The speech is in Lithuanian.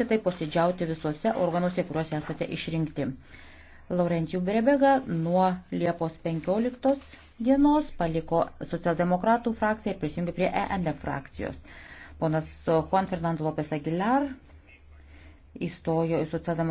teisėtai posėdžiauti visuose organuose, kuriuose esate išrinkti. Laurentijų Brebega nuo Liepos 15 dienos paliko socialdemokratų frakciją ir prisijungė prie ENF frakcijos. Ponas Juan Fernando Lopes Aguilar įstojo į socialdemokratų